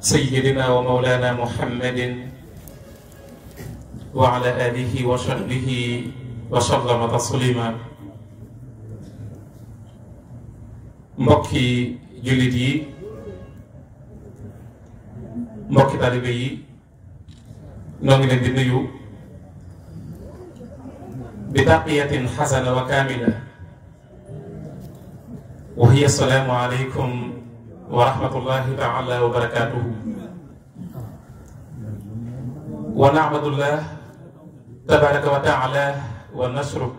سيدنا ومولانا محمد وعلى آله وصحبه وسلم تسليما mbokki jullit yi mbokki talibe yi noo ngi leen di nuyu bi taqiyatin xasana wa kaamila wa hiya assalaamu aleykum wa rahmatullahi taala wa barakatuhu wa naabudullah tabaraka wa taala wa nasru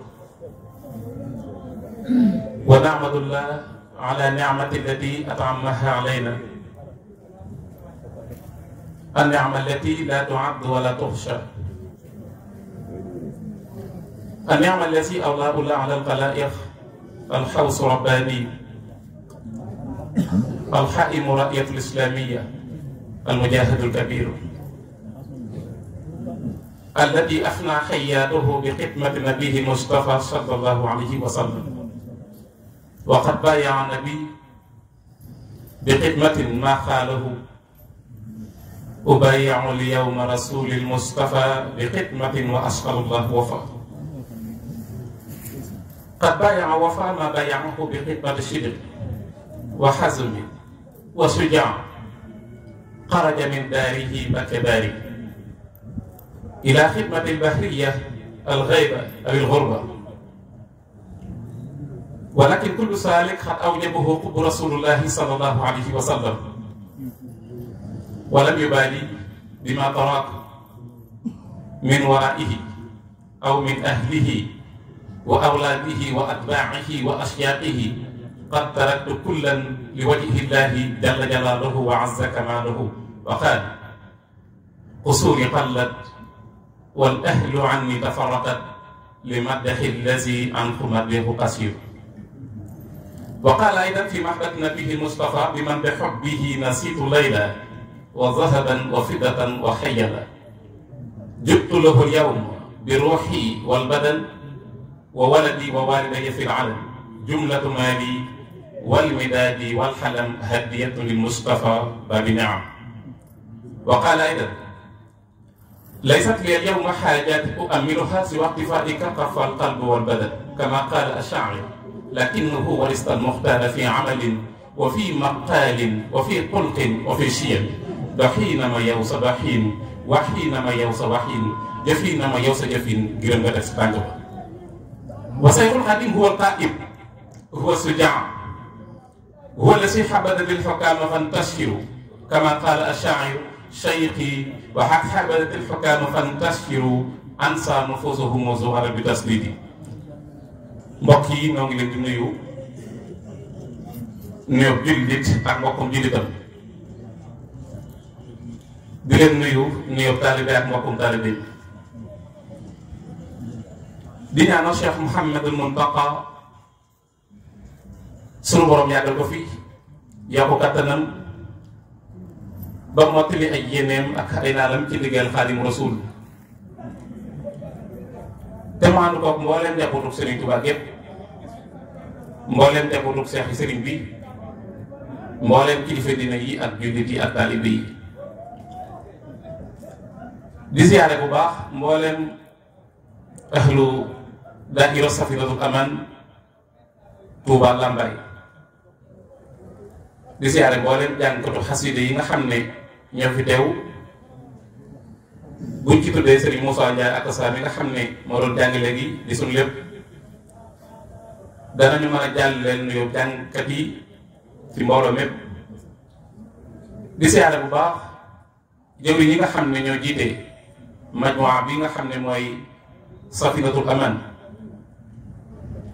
wa naabudullah ala niamati allati atamaha alayna النعمة التي لا تعد ولا تخشى النعمة التي أولاه الله على الخلائق الحوص رباني alxaimu radiatu lislamiya almujahidul kabiru alladi afna xayaatuhu bi xidmati nabihi mustafa sallallahu alayhi wa sallam wa qad baayaa nabi bi xidmatin ma xaalahu ubaayaa liyawma rasuli lmustafa bi xidmatin wa asqalu llah wafa qad baayaa wafa ma baayaahu bi xidmati sidq wa xazmi wa sujaa xaraja min daarihi bakadaari ila xidmati albahriya alxayba aw alxurba walakin kullu saalik xat awjabahu xubbu rasulullahi sallallahu alayhi wa sallam walam yubaali bima taraak min waraihi aw min ahlihi wa awlaadihi wa atbaacihi wa ashyaqihi qad taraktu kullan li wajhi llahi jalla jalaaluhu wa azza kamaaluhu wa qaal usuli qallat wal ahlu anni tafarraqat li maddahi allazi anhu maddihu qasir wa qaala aydan fi mahdat nabihi mustafa bi man bi hubbihi nasitu layla wa zahaban wa fiddatan wa xayala jubtu lahu lyawm bi ruuxi wal badan wa waladi wa walidaya fi l alam jumlatu maali والوداد والحلم هدية للمصطفى باب نعم وقال أيضا ليست لي اليوم حاجات أؤملها سوى اقتفائك قف القلب والبدن كما قال الشاعر لكنه ورثت المختار في عمل وفي مقال وفي قلق وفي شيم دحينما يوس دحين وحينما يوس وحين جفينما يوس جفين جرم بدس وسير القديم هو القائم هو السجاع هو الذي حبذ بالحكام فانتشروا كما قال الشاعر شيقي وحق حبذت الحكام فانتشروا أنسى نفوسهم وزهر بتسديدي mbokk yi ñoo ngi leen di nuyu nuyu jullit ak mbokkum jullitam di leen nuyu nuyu taalibe ak mbokkum taalibe di ñaanal Cheikh Mouhamadul Muntaqa sunu borom yàggal ko fi yokku kattanam ba mottali ay yéeneem ak ay naalam ci liggéeyal xaadim rasul te mu ànd koog mbooleem njabootu Serigne Touba gépp mbooleem njabootu Cheikh Serigne bi mbooleem kilifa dina yi ak jullit yi ak taalibe yi di siyaare bu baax mbooleem ahlu daahira Safinatul Aman Touba Lambaye di siyaare mboolem jàngkatu xasida yi nga xam ne ñoo fi teew buñ ci tuddee Serigne Moussa Ndiaye ak saa mi nga xam ne moo doon jàng léegi di suñ lépp danañu mën a jàll leen nuyoo jàngkat yi ci mbooloo mépp di siyaare bu baax jëw yi nga xam ne ñoo jiite majmua bi nga xam ne mooy safinatul aman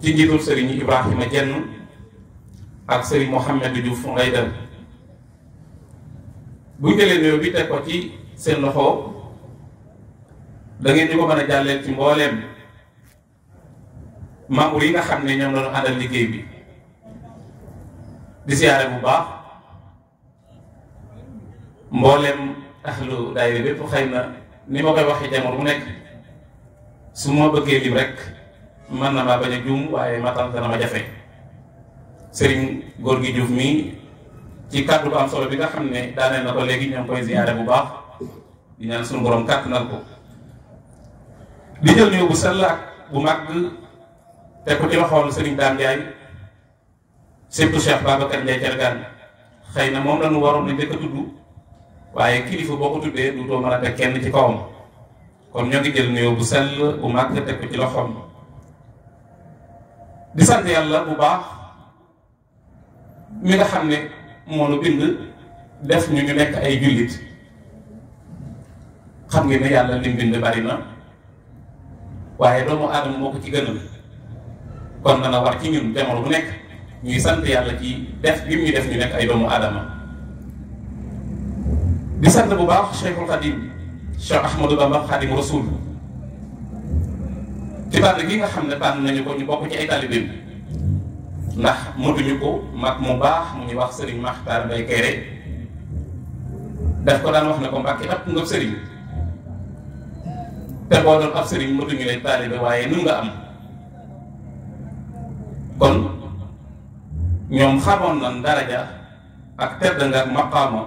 ci njiitul Serigne Ibrahima Jenn ak sëriñ Mouhamed Diouf ngay dem bu ñu jëlee néew bi teg ko ci seen loxo da ngeen ñu ko mën a jàlleel ci mbooleem membres yi nga xam ne ñoom la ñu àndal liggéey bi di siyaare bu baax mbooleem ahlu daayira bépp xëy na ni ma koy waxee jamono mu nekk su ma bëggee lim rek mën na maa bañ a juum waaye matal dana ma jafe. sëriñ góor gi Diouf mi ci kàddu bu am solo bi nga xam ne daaneel na ko léegi ñoo ngi koy ziyaare bu baax di ñaan suñu borom kàttanal ko di jël ñëw bu sell ak bu mag te ku ci waxoon sëriñ Dame Ndiaye surtout Cheikh Babacar xëy na moom lañu waroon a tudd waaye kilifa boo ko tuddee nu too mën a teg kenn ci kawam kon ñoo ngi jël nuyoo bu sell bu mag te ku ci loxoom di yàlla bu baax. mi nga xam ne moo nu bind def ñu ñu nekk ay jullit xam ngeen ne yàlla lim bind bari na waaye doomu aadama moo ko ci gënal kon dana war ci ñun jamono bu nekk ñuy sant yàlla ci def bi mu def ñu nekk ay doomu aadama di sant bu baax Cheikhul Khadim Cheikh Ahmadou Bamba Khadim Rasoul ci tànn gi nga xam ne tànn nañu ko ñu bokk ci ay talibé ndax mënuñu ko mag mu baax mu ñuy wax sëriñ Maxtaar Mbay Kayre daf ko daan wax ne ko mbàkke ab nga sëriñ te boo doon ab sëriñ mënuñu leen taalibe waaye nu nga am kon ñoom xamoon nan daraja ak tedd nga ak maqaama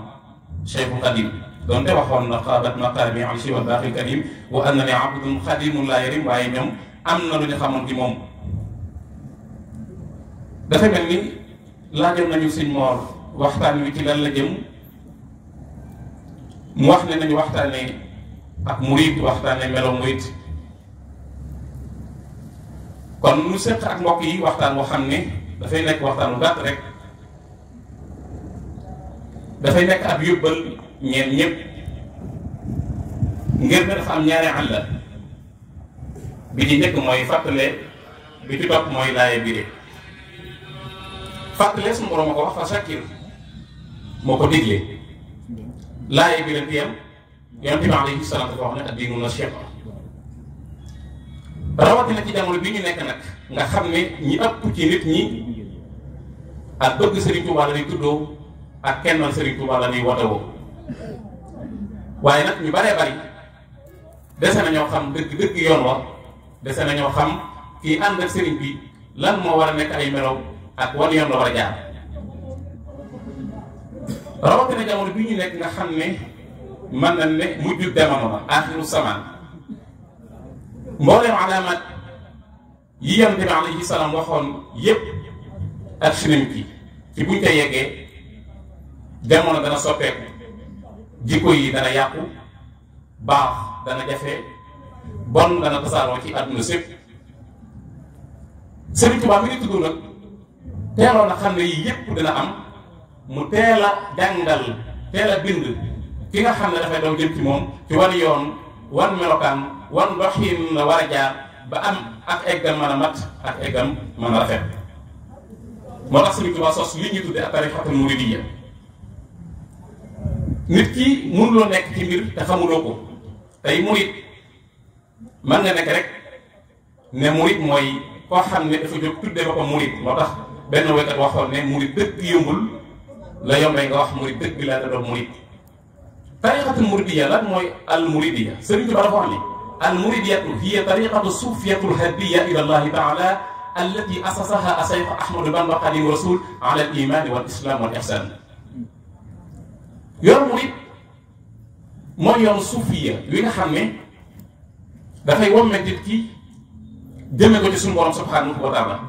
Cheikhul Xadim te waxoon na xaabat maqaami am si wa baaxil kadim waaye ñoom am na lu ñu xamoon ci moom dafa mel ni laajal nañu si moor waxtaan wi ci lan la jëm mu wax ne nañu waxtaanee ak murit waxtaanee melo murit kon mu sëq ak mbokk yi waxtaan woo xam ne dafay nekk waxtaan wu gàtt rek dafay nekk ab yóbbal ñeen ñëpp ngir ne dafa am ñaari bi ci njëkk mooy fàttale bi ci mooy laaye biire fàttalee suñu borom ko wax fa sakkir moo ko digle laay bi leen di yem yonent bi alayhi salaam dafa wax ne addiinu nasiiha rawatina ci jamono bi ñu nekk nag nga xam ne ñi ëpp ci nit ñi ak bëgg Serigne Touba la ñuy tuddoo ak kennal Serigne Touba la ñuy watawoo waaye nag ñu baree bari dese na ñoo xam dëgg dëgg yoon wa dese na ñoo xam kii ànd ak Serigne bi lan moo war a nekk ay melow ak wàllu yoon la war a jaar rawatina jamono bi ñu nekk nga xam ne mën na ne mujj demono la axiru samaan mboolem alaamaat yi ak sinañ ci ci buñ ca yeggee jamono dana soppeeku jikko yi dana yàqu baax dana jafe bon dana tasaaroo ci àdduna sépp Sëriñ Tuubaa mi ngi tudd nag teeloon a xam ne yii yépp dina am mu teel a jàngal teel a bind ki nga xam ne dafay doon jëm ci moom ci wan yoon wan melokaan wan doxin la war a jaar ba am ak eggam mën a mat ak eggam mën a rafet moo tax Sëriñ Tuubaa sos li ñu tudde ak tarixatul muridiyya nit ki loo nekk ci mbir te xamuloo ko tey murid man nga nekk rek ne murid mooy koo xam ne dafa jóg tudde boppam murid moo tax benn waykat waxoon ne murit dëgg yombul la yombee nga wax murit dëgg laa da doon murit tariqatul muridiya lan mooy al muridiya sëriñ Tuubaa dafa wax ni al muridiyatu hiya tariqatu suufiyatul hadiya ila allahi taala allati asasaha asayxu ahmadu bamba xaadimu rasul ala al iman wal islam wal ihsan yoon murit mooy yoon suufiya wi nga xam ne dafay womme nit ki jëme ko ci suñu borom subhanahu wa taala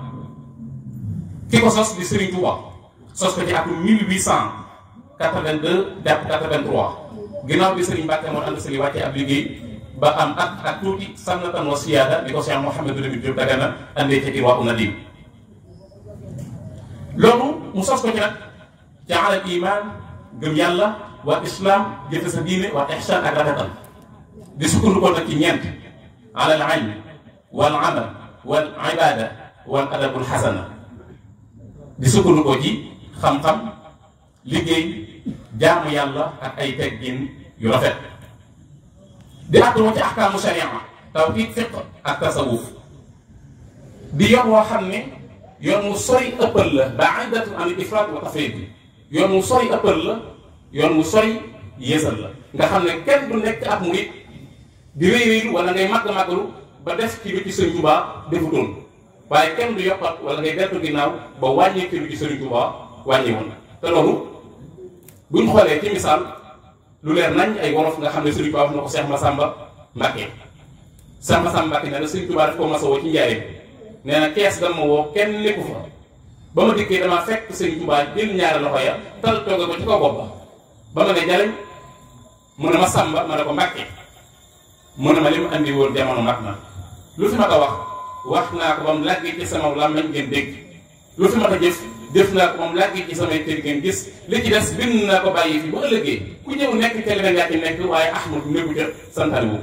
ki ko sos di Serigne Touba sos ko ci atum 1882 jàpp 83 ginnaaw bi Serigne Mbacke moo ànd Serigne wàccee ab liggéey ba am at ak tuuti sànnatan wa siyaada di ko Cheikh Mouhamadou Lamine Diop Dagana andee ca Irwa una dim loolu mu sos ko ci nag jaala al iman gëm yàlla wa islam jëfe sa diine wa ihsan ak rafetal di sukkandikoo nag ci ñeent ala al ilm wal amal wal ibada wal adabul xasana di sukkandiku ji xam-xam liggéey jaamu yàlla ak ay teggin yu rafet di àttuma ci ahkaamu sharia tawhiid fiq ak tasawuf di yoon woo xam ne yoon mu sori ëppal la baidatun an ifraat wa tafriit yoon mu sori ëppal la yoon mu sori yéesal la nga xam ne kenn du nekk ab murit di réy réylu wala ngay màgg màggalu ba def ci bi ci sëñ Tuubaa defutoon waaye kenn du yokkat wala ngay deltu ginnaaw ba wàññi kër gi Sëriñ Tuuba wàññi woon te loolu buñ xoolee ci misaal lu leer nañ ay wolof nga xam ne Sëriñ Tuuba wax ko Cheikh ma Mbacke Cheikh Massamba Mbacke nee na Sëriñ Tuuba daf ko na kees dama woo kenn nekku fa ba ma dikkee damaa fekk Sëriñ Tuuba jël ñaari loxo ya tal tooge ko ci kaw bopp ba ma ne jaleñ mu ne ma Samba ma ne ko Mbacke mu ne ma li mu andi woon jamono mag na lu fi ma ko wax wax naa ko ba mu làggee ci sama làmmañ ngeen dégg lu fi mat a jëf naa ko ba mu làggee ci samay kër gis li ci naa ko bàyyi ku ñëw nekk ca leneen yaa ci nekk waaye ahmad nekku ca santaane wu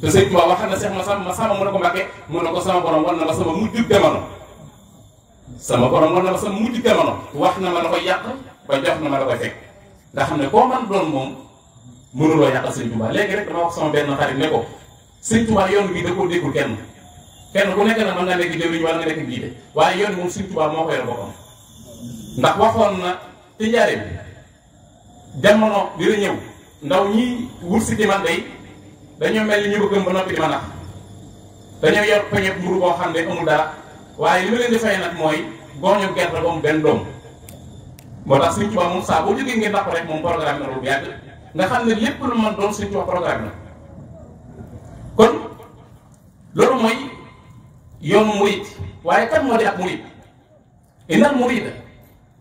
te sëñ Tuubaa wax na Seex Masamba Masamba mu ko Mbàkke mu ne ko sama borom war na ma sama mujj jamono sama borom war na ma na ma la koy yàq na ma la koy nga xam ne koo man doon moom mënuloo yàqal sëñ Tuubaa léegi rek dama wax sama benn xarit ne ko sëñ Tuubaa yoon bi da koo déggul kenn kenn ku nekk na mën nga nekk jëriñ wala nga nekk jiite waaye yoon moom Sëriñ Tuubaa moo ko yor ndax waxoon na ci njaare bi jamono dina ñëw ndaw ñi wut si ci man dañoo mel ni ñu ko gëm ba noppi di ma dañoo yor peñeeb mburu boo dara waaye li ma leen di mooy gooñu gerte ba mu benn doom moo tax Sëriñ Tuubaa moom saa boo jógee ngeen dàq rek moom programme na lu yàgg nga xam ne lépp lu man doon Sëriñ Tuubaa na kon loolu mooy yoonu murid waaye kan moo di ab murid inna al murida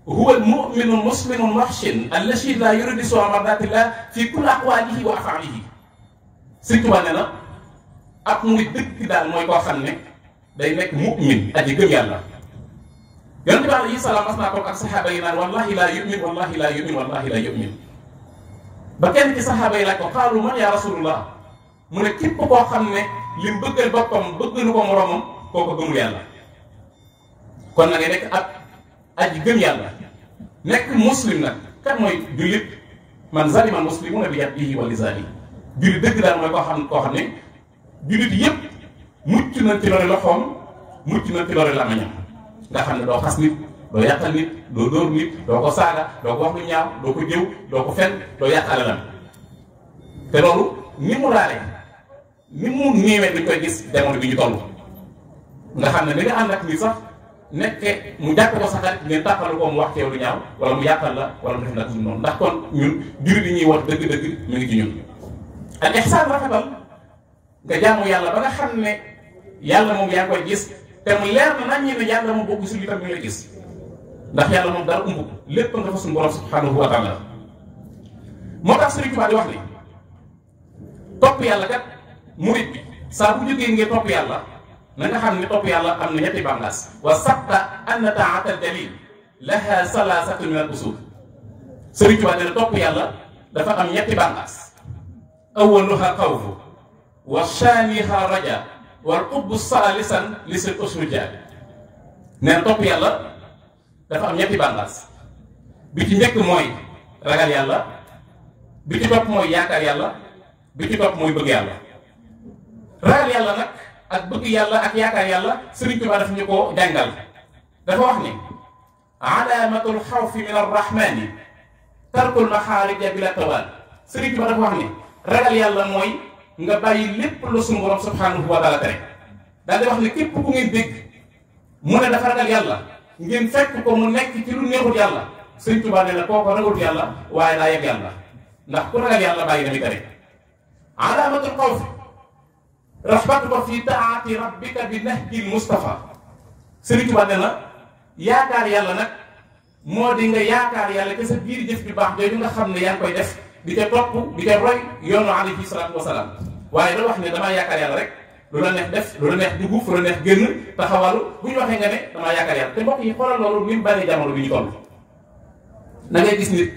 huwa al muminu muslimu muhsin allazi la yuridu sawaa mardatillah daal mooy koo xam ne day nekk mu'min aji gëm yàlla yonent bi alayhi salaam mas naa ak saxaaba naan wallahi laa yumin wallahi laa yumin ba kenn ci saxaaba yi ko xaalu man yaa rasulullah mu ne képp koo xam ne lim bëggal boppam bëgg nu ko moromam kooku gëmul yàlla kon na nga nekk ak aji gëm yàlla nekk muslim nag kat mooy jullit man zaliman muslimu na bi yadihi wa lisaani jullit dëgg daal mooy koo xam koo xam ne jullit yëpp mucc na ci loxoom mucc na ci lore lamañam nga xam ne doo xas nit doo yàqal nit doo dóor nit doo ko saaga doo ko wax lu ñaaw doo ko jëw doo ko fen doo yàq alalam te loolu ni mu raare ni mu néewee dañ koy gis jamono bi ñu toll nga xam ne da nga ànd ak ni sax nekke mu jàpp ko sa xarit ngeen tàqal ko mu wax teew lu ñaaw wala mu yàqal la wala mu def nag suñu noonu ndax kon ñun jur bi ñuy wax dëgg-dëgg mu ngi ci ñun ak ihsaan rafetal nga jaamu yàlla ba nga xam ne yàlla moom yaa koy gis te mu leer na nañ ñi yàlla moom boo gisul itam ñu la gis ndax yàlla moom dara umb lépp nga fa suñu borom subhanahu wa taala moo tax Sëriñ Tuubaa di wax ni topp yàlla kat murit bi na nga xam ne topp yàlla am na ñetti bànqaas wa sabta anna taata dalil laha salaasatu min al usul Sëriñ Tuubaa dina topp yàlla dafa am ñetti bànqaas awaluha xawfu wa saaniha raja wal xutbu saalisan li si usul jaabi nee na topp yàlla dafa am ñetti bànqaas bi ci njëkk mooy ragal yàlla bi ci topp mooy yaakaar yàlla bi ci topp mooy bëgg yàlla ragal yàlla nag ak bëgg yàlla ak yaakaar yàlla Sëriñ Tuubaa daf ñu ko jàngal dafa wax ni alaamatul xawfi min arrahmani tarkul maxaarija bila tawaal Sëriñ Tuubaa dafa wax ni ragal yàlla mooy nga bàyyi lépp lu sunu borom subhanahu wa taala tere daal wax ne képp ku ngeen dégg mu ne dafa ragal yàlla ngeen fekk ko mu nekk ci lu neexut yàlla Sëriñ Tuubaa ne la kooko ragalut yàlla waaye daa yëg yàlla ndax ku ragal yàlla bàyyi na li tere alaamatul xawfi rahmatuka fi taati rabbika bi nahjil Mustafa Sëriñ Tuubaa ne na yaakaar yàlla nag moo di nga yaakaar yàlla ca sa biir jëf bi baax jooju nga xam ne yaa ngi koy def di ca topp di ca roy yoonu alayhi salaatu wasalaam waaye da ne damaa yaakaar yàlla rek lu la neex def lu la neex dugub lu la neex génn taxawalu bu ñu waxee nga ne damaa yaakaar yàlla te mbokk yi xoolal loolu ni mu bari jamono bi ñu toll da gis nit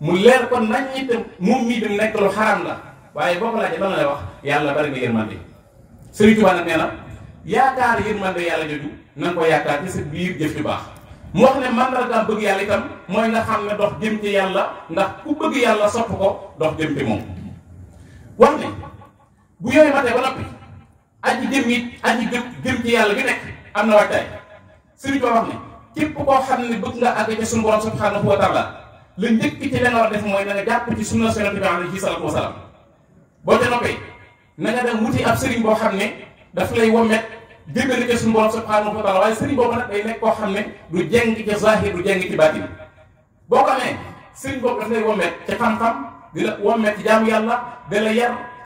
mu leer kon nañ ñi te moom mii dem nekk lu xaram la wax yàlla bari na Sëriñ Tuubaa nag nee na yaakaar yërmande yàlla joju na nga ko yaakaar ci sa biir jëf ju baax mu wax ne mandargaam bëgg yàlla itam mooy nga xam ne dox jëm ci yàlla ndax ku bëgg yàlla sopp ko dox jëm ci moom wax ne bu yooyu matee ba noppi aji jëm it aji jëm jëm ci yàlla bi nekk am na waajtaay Sëriñ Tuubaa wax ne képp koo xam ne bëgg nga àgg ci suñu borom subhaanahu wa taala la njëkk ci la nga a def mooy na nga jàpp ci sunna Yonent bi alayhi salaatu wa salaam boo na nga dem wuti ab sëriñ boo xam ne dafa lay womet jébbali ko suñu borom subhanahu wa taala waaye sëriñ boobu nekk koo xam ne du jeng ci zahir du jeng ci baatin boo ko amee sëriñ boobu daf lay womet ci xam-xam di la womet ci jaamu yàlla di la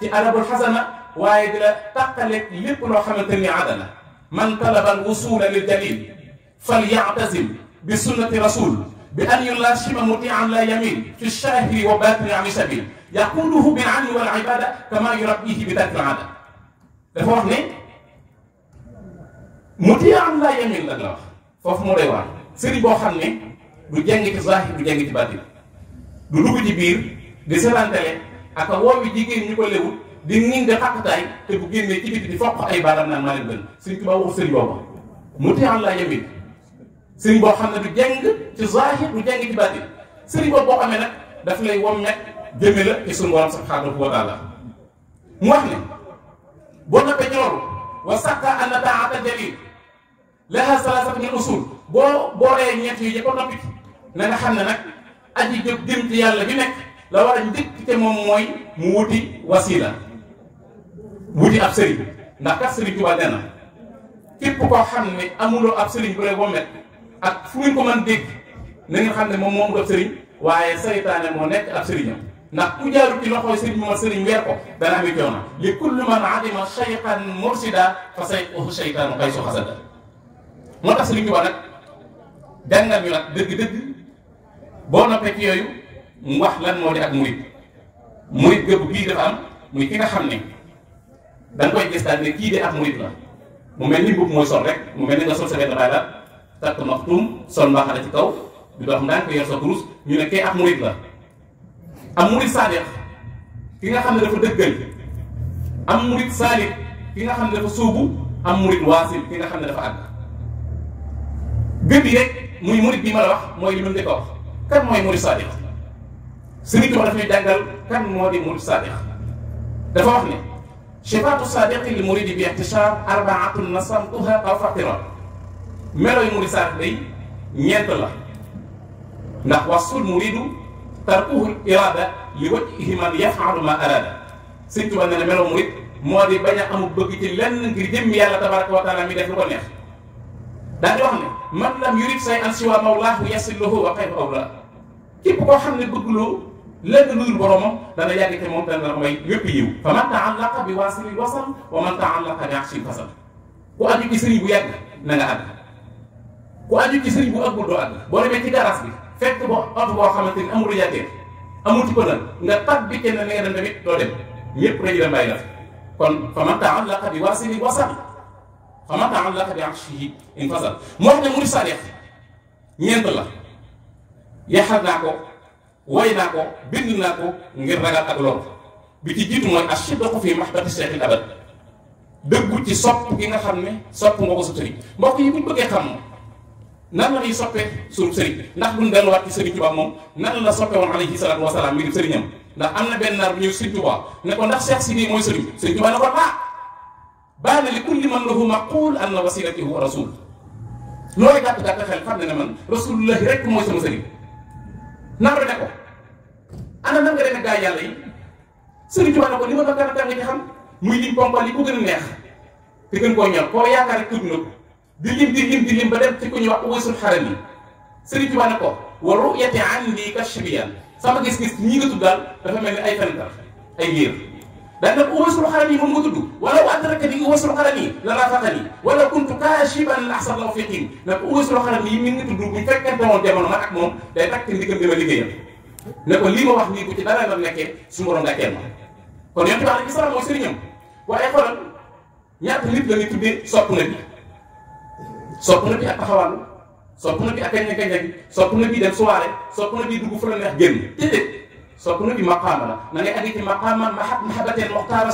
ci adabul xasana waaye di la tàqaleeg loo xamante ni aada la man talaba al wusula lil jalil fal ya'tazim bi sunnati rasul bi an yulazima mutian la yamin fi shahiri wa batini an sabil yaquluhu bil ani wal ibada kama yurabbihi bi yamin la wax foofu moo doy waar boo xam ne du jàng ci zahir du jàng ci du dugg biir di selantale ak woowi jigéen ñu ko lewut di nin di xaqtaay te bu génnee ci biti di foq ay baaram naan maa leen gën sëriñ Tuubaa waxu sëriñ boobu mutian la yamin sëriñ boo xam ne du jeng ci zahir du jeng ci baatin sëriñ boobu boo xamee nag daf lay wommet jëme la ci sunu borom subhanahu wa taala mu wax ne boo noppee ñooru wa sakka anna taata jalil laha salasat min boo booree na xam ne nag aji jóg jëm ci yàlla bi nekk la war a njëkk te moom mooy mu wuti wasila wuti ab sëriñ ndax kat sëriñ Tuubaa nee na képp koo xam ne amuloo ab sëriñ bu lay wommet ak fu ngeen ko man dégg na ngeen xam ne moom moom daf sëriñ waaye saytaane moo nekk ab sëriñam ndax ku jaarul ci loxooy sëriñ moom sëriñ weer ko dana am coono li moo tax sëriñ Tuubaa nag jàngal ñu nag yooyu mu moo di ak murit ki nga xam ne da nga koy gis daal ne kii de ak murit la mu mel ni mbubb mooy sol rek mu mel ni nga sol sa benn baay la takk maxtum sol mbaxana ci kaw di dox ndànk yor sa kurus ñu ne kay ab murit la am murit saadiq ki nga xam ne dafa dëggal am murit saalik ki nga xam ne dafa suubu am murit waasil ki nga xam ne dafa àgg gën bi muy murit bi ma wax mooy li ma njëkk a wax kan mooy murit saadiq sëriñ Tuubaa dafay jàngal kan moo di murit saadiq dafa wax ne sifaatu saadiqi li muridi bi ixtisaar arbaatun nasamtuha aw faqira melo yu murid saadiq day ñeent la ndax wasul muridu tarkuhu irada li wajhihi man yafalu ma arada sëñ Tuba nee melo murid moo di bañ a amul bëgg ci lenn ngir jëm yàlla tabaraka wa taala mi def lu ko neex daal di wax ne man lam yurid say an siwa mawlaahu yasillahu wa xayru awla képp koo xam ne bëgguloo léegi nuyul boromam dana yàgg te moom dana la may wépp yiw fa man taallaqa bi waasilil wasal wa man taallaqa bi axsil fasal ku aju ku aju ci sëriñ bu ëppul doo àgg boo demee ci garage bi fekk bo oto boo xamante ni amul yàggee amul ci pënal nga bi kenn na dem tamit doo dem ñëpp dañu dem la kon fa man ta'allaqa bi waasili wasal fa man ta'allaqa bi arshihi infasal mu wax ne mu sàdeex ñeent la yaxal naa ko way naa ko bind naa ko ngir ragal ak lool bi ci jiitu mooy ashidqu fi mahabbati shaykhil abad dëggu ci sopp gi nga xam ne sopp nga ko sa mbokk yi buñ bëggee xam nan la ñuy soppe suñu sëriñ ndax duñ delluwaat ci sëriñ Tuubaa moom nan la soppe woon alayhi salaatu wasalaam mbirum sëriñam ndax am na benn naar bu ñëw sëriñ Tuubaa ne ko ndax Cheikh Sidi mooy sëriñ sëriñ Tuubaa ne ko ah baa na li kulli man lahu maqul an na wasilati huwa rasul looy gàtt gàtt xel xam ne ne man rasulullahi rek mooy sama sëriñ naar bi ne ko ana nan nga demee gaa yàlla yi sëriñ Tuubaa ne ko li ma bakkan a tàng ci xam muy lim pompal yi ko gën a neex te di lim di lim di lim ba dem ci ku ñuy wax uwaysul ne ko wa ruyati an li kashfiyan sama gis-gis ñi nga tudd dafa mel ni ay fenkat ay liir daan nag uwaysul xaram yi moom nga tudd wala wa adrakani uwaysul xaram yi la rafaqani wala kuntu kaashiban la axsar law fiqin nag uwaysul xaram ni mi nga tudd bu fekkente woon jamono man ak moom day takk ndigam di ma liggéeyam ne ko lii ma wax nii bu ci dara la nekkee su borom gàcceel ma kon yonent bi alayhi salaam mooy sëriñam waaye xoolal ñaata nit sopp na bi ak taxawaan sopp na bi ak kañ kañ sopp na bi dem soirée sopp na bi dugg fu la neex génn déedéet sopp na bi maqaama la na ngay andi ci maqaama mahabbateen muxtaara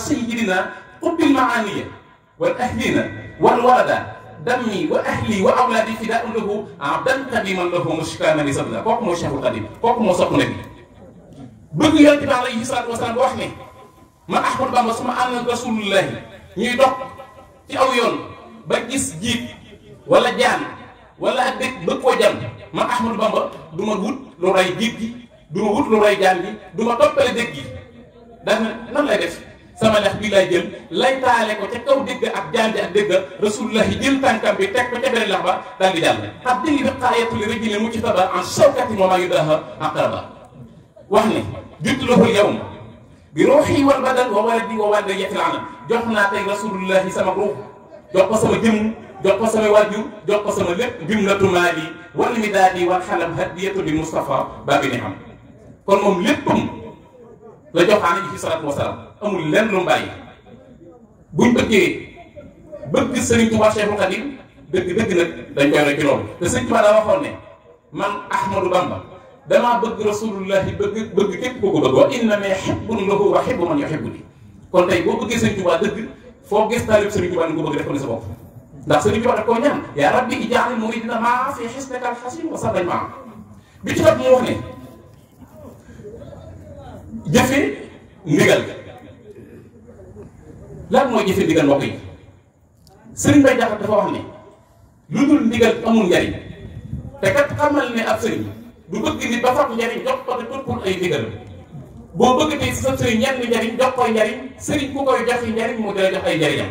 maaniya wal ahlina wal walada dammi wa ahli wa awlaadi fidaa'un lahu abdan qadiman lahu mushkaamani sabla kooku mooy Cheikhul moo sopp na bi bëgg yonent bi alayhi salaatu wa salaam wax ne man Ahmadu Bamba su ma wala jaan wala ak dëkk bëgg koo jam man Ahmadou Bamba du ma wut lu roy géej gi du ma wut lu roy jaan gi du ma toppale dégg gi daan na nan lay def sama lex bii lay jël lay taale ko ca kaw dégg ak jaan ji ak dégg rasulullah yi jël tànkam bi teg ko ca beneen la ba daal di jàll xat dëngi bi xaayatu li rëjji ne mu ci taba en sawkati moomaa yu daha aqraba wax ne jutluhul yawma bi ruuxi wal badan wa waladi wa walidayati jox naa tey rasulullahi sama ruux jox ko sama jëmm jox ko sama wàjju jox ko sama lépp jumlatu maali wal midaadi wal xalam hadiyatu bi Moustapha baabi ni xam kon moom léppam la joxaane ji fi salaatu wasalaam amul lenn lu mu bàyyi buñ bëggee bëgg Serigne Touba Cheikhul Khadim dëgg dëgg nag dañ koy rek ci loolu te Sëriñ Touba daa waxoon ne man Ahmadou Bamba damaa bëgg rasulullahi bëgg bëgg képp ku ko bëgg wa inna ma hibbun lahu wa hibbu man yuhibbu kon tey boo bëggee Sëriñ Touba dëgg foo gis taalib Sëriñ Touba ni ko bëgg def ko ndax suñu ko daf koo ñaan yaa rabbi ijaal muridina maa fi xisnaka alxasin wa sallañ maam bi ci mu wax ne jëfe ndigal lan mooy jëfe ndigal mbokk yi sëriñ Bay Jaxate dafa wax ne lu dul ndigal amul njariñ te kat xamal ne ab sëriñ du bëgg nit ba njariñ jox ko te tutkul ay ndigal boo bëgg tey sa sëriñ ñenn njariñ jox koy njariñ sëriñ ku koy jox njariñ mu dina jox ay njariñam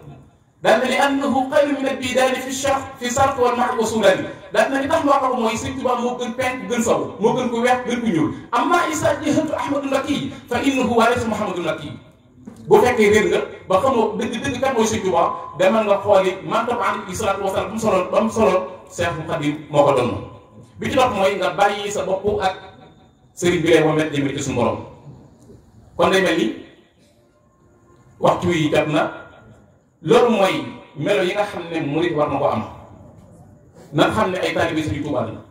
daan na li annahu xayru min albidaani fi charq fi sarq wal max wa suudan bi daan na li tax ma wax ko mooy Sëñ Tuubaa moo gën penk gën saw moo gën ko weex gën ko ñuul amma isa jëhantu ahmadu nakiy fa innahu waarisu muhammadu nakiy bu fekkee réer nga ba xamoo dëgg dëgg kan mooy Sëñ Tuubaa demal nga xooli mantob an isalaatu wasalaam ba mu soloon ba mu soloon Seexul Xadiim moo ko doon bi ci mooy nga bàyyi sa bopp ak sëriñ bi lay womet jëmee ci suñu borom kon day mel ni waxtu yi loolu mooy melo yi nga xam ne murid war na ko am na xam ne ay taalibe Sëriñ Tuubaa lañu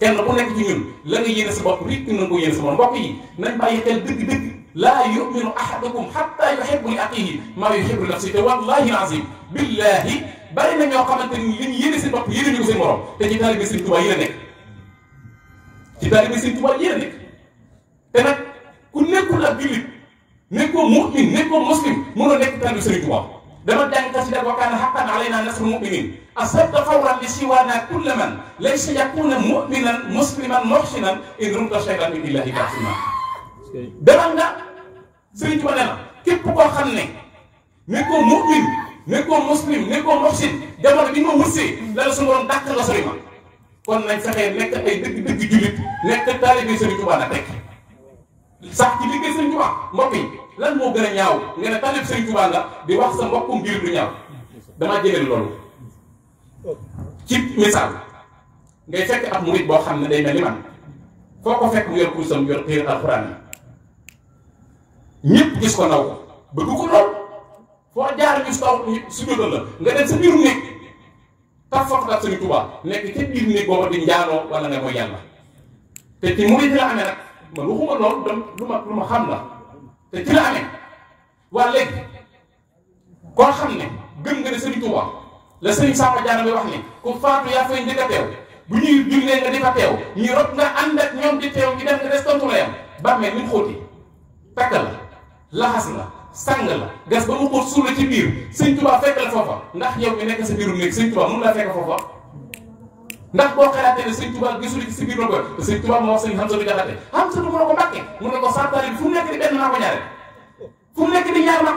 kenn ku nekk ci ñun la nga yéene sa bopp rek na nga ko yéene sa bopp mbokk yi nañ bàyyi xel dëgg-dëgg laa yuminu ahadukum xatta yuhibbu li axiihi maa yuhibbu li nafsihi te wallaahi azim billaahi bari na ñoo xamante ni li ñu yéene seen bopp yéene ñu ko seen morom te ci taalibe Sëriñ Tuubaa yi la nekk ci taalibe Sëriñ Tuubaa yi la nekk te nag ku nekkul ak jullit nekkoo mu'min nekkoo muslim mënoo nekk taalibe Sëriñ Tuubaa dama jàng kasida wa kaana haqqan alaynaa nasrul mu'minin asabta fawran li siwaanaa kulla man laysa yakuuna mu'minan musliman muhsinan in rumta shaytan min illahi kasima demal nga sëriñ Tuba ne la képp koo xam ne ni ko mu'min ni ko ko muhsin jamono bi nga wutsee lala su borom dàq la sori ma kon nañ fexee nekk ay dëgg-dëgg jullit nekk taalibe sëriñ Tuba nag rek sax ci liggéey sëriñ Tuba lan moo gën a ñaaw nga ne talib Sëriñ Tuubaa nga di wax sa mbokkum biir du ñaaw damaa jëlee loolu ci misaal ngay fekk ab murit boo xam ne day mel ni man foo ko fekk lool foo ma lu ma xam la. te ci la amee waa léegi koo xam ne gëm nga ne Serigne Touba la Serigne Samba Diané bi wax ni ku faatu yaa fay njëkk a teew bu ñuy jullee nga di fa teew ñu rot nga ànd ak ñoom di teew ñu dem nga des tontu la yam bàmmeel ni mu xóoti takk la laxas la sang la gas ba mu xóot suul la ci biir Serigne Touba fekk la foofa ndax yow mi nekk sa biirum néeg Serigne Touba mun laa fekk foofa. ndax boo xalaatee ne sëñ Tuubaa gisul ci si biir loolu te sëñ Tuubaa moo wax sëñ Hamsatu Jaxate Hamsatu mu ne ko Mbàkke mu ko santari fu mu nekk di benn maa ko ñaareel fu mu nekk ko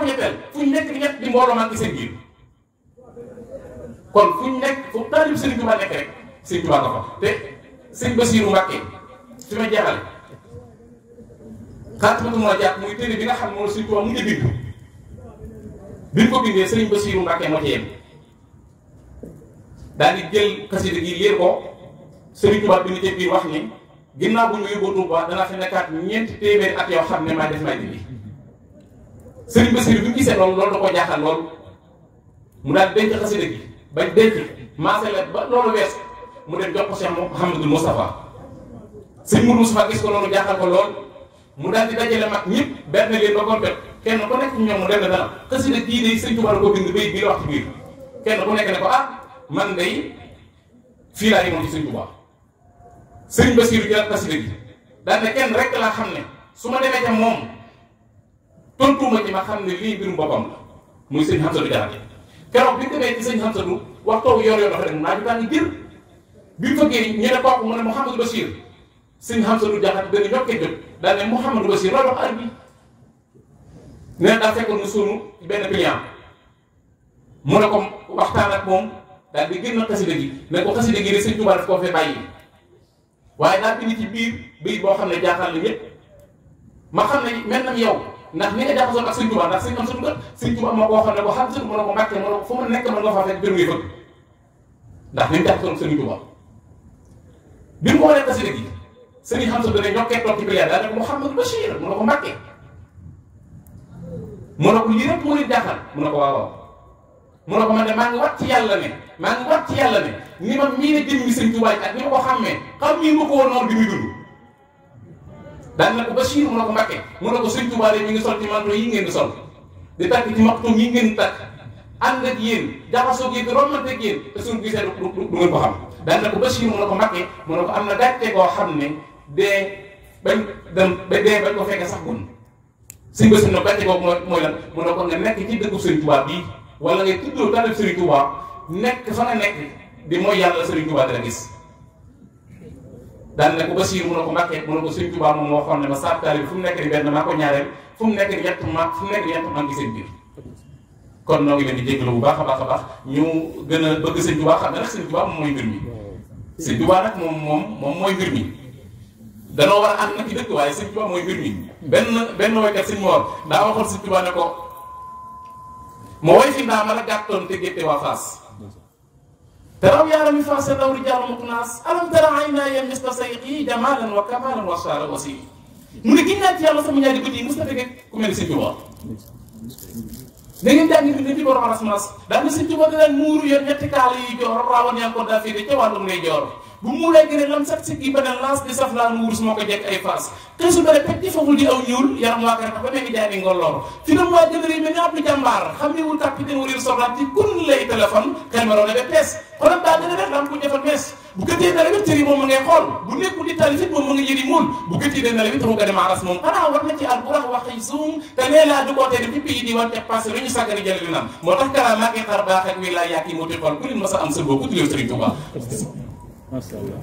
ñetteel nekk di ñett di mbooloo maa ngi seen biir kon fu ñu nekk fu taalib sëñ ma jeexale xaatimatu moo muy téere bi nga xam ne moom sëñ Tuubaa mu ngi bind bi ñu ko bindee sëñ Basiiru Mbàkke moo ci yem daal di jël xasida gi liir ko Sëriñ Tuubaa bind ci biir wax ni ginnaaw bu ñu yóbboo Tuubaa danaa fi nekkaat ñeenti téeméeri at yoo xam ne maa def maa ji bi Sëriñ Basiru bi mu gisee loolu loolu mu daal denc xasida gi bañ ba loolu wees mu dem jox ko Cheikh Mouhamadul Moustapha sëñ Mourou gis ko loolu jaaxal ko lool mu daal di dajale mag ñëpp benn leen ba compét kenn ku nekk ci ñoom mu dem na dana xasida gii day sëñ Tuubaa ko bind bay bii wax ci biir kenn ku nekk ne ko ah man day fii laa yemoon ci sëñ Tuubaa sëñ Basiiru jël xasida gi daal ne kenn rek laa xam ne su ma demee ca moom tontuma ci ma xam ne lii mbirum boppam la muy sëñ Hamsatu Jaxate keroog sëñ Hamsatu waxtoo yor yor dafa rek naa ju ne kooku mu ne Mouhamadou Bachir sëñ Hamsatu Jaxate dana yokkee jot daal ne Mouhamadou Bachir loolu wax arab bi ne daa fekkoon mu suunu benn client mu ne ko waxtaan ak moom daal di génn xasida gi ne ko xasida gi rek sëñ Tuubaa daf koo fee bàyyi waaye daal di ci biir biir boo xam ne jaaxal na ñëpp ma xam ne mel nam yow ndax ni nga jaxasoon ak sëñ Tuubaa ndax sëñ am sutu xam ne ko xam sëñ mën mu nekk mën nga faa fekk bir ngay bëgg ndax ni mu jaxasoon xam sa dane ñokkee toog ci biir daal ne ko Mouhamadou Bachir mën na na ko mu nit ko waaw waaw mën maa ngi wat ci yàlla ne man ngi wat ci yàlla ne ni ma mii ne jëm mi sëñ Tuubaa ak ni ma ko xàmmee xam ñi ma ko woon noonu bi muy na ko Bachir mu ne ko Mbakke mu ne ngi sol ci manto yi ngeen di sol di takk ci maxtum yi ngeen di takk ànd ak yéen jaxasoo ak yéen di rombante ak yéen te suñu gisee du du ngeen ko xam daan na ko Bachir mu ne ko Mbakke mu ne ko am na gàcce koo xam ne dee bañ dem ba dee bañ ko fekkee sax gun sëñ Bachir nag gàcce googu mooy mooy lan mu ne ko nga nekk ci dëkku sëñ Tuubaa bii wala ngay tuddoo taalib sëñ Tuubaa nekk fa nga nekk di mooy yàlla Serigne Touba dana gis daan ne ko Bachir mu ne ko Mbacke mu ko Serigne Touba moom moo ma saab fu mu nekk di benn maa ko ñaareel fu mu nekk di ñett ma kon noo ngi leen bu baax a baax a baax ñu gën a bëgg Serigne Touba xam ne moom mooy mbir mi Serigne danoo war a ci dëkk waaye benn benn woykat Serigne Mor ko ma woy fi ndaa ma la gàttoon te gétte waa Fass تروا يا رمي فاس دور جار مقناص ألم ترى عيناي مثل سيقي جمالا وكمالا وصار وسيم mu ne ginnaaw ci yàlla sama ñaari guddi yi mos na ku mel ni Sëñ Tuubaa da ngeen jàng ni ci borom aras maras daal na Sëñ Tuubaa da daan muuru yor ñetti kaala yi joor rawoon yaa ko daa féete ca wàllum joor bu mu lay gën a lam sat si gi badan laas di saf laan wurus moo ko jekk ay faas te su bare pej di faful di aw ñuul yaram waa karata ba mel ni jaay ni ngolloor fi nam waa jëmëri mel ni ab di jàmbaar xam ni wul tàppi ten warir soxlaat ci kun lay téléphone caméra la ba pees xolam gën a rek lam ku jëfal mees bu gëtee nelaw it tëri moom ma ngay xool nga yëri muul bu gëtee nelaw it taxu nga demaaras moom xanaa war na ci alquran wax yi suum te nee laa du kootee di pays di wante passé lu ñu sàggari jël li nam moo tax macha allah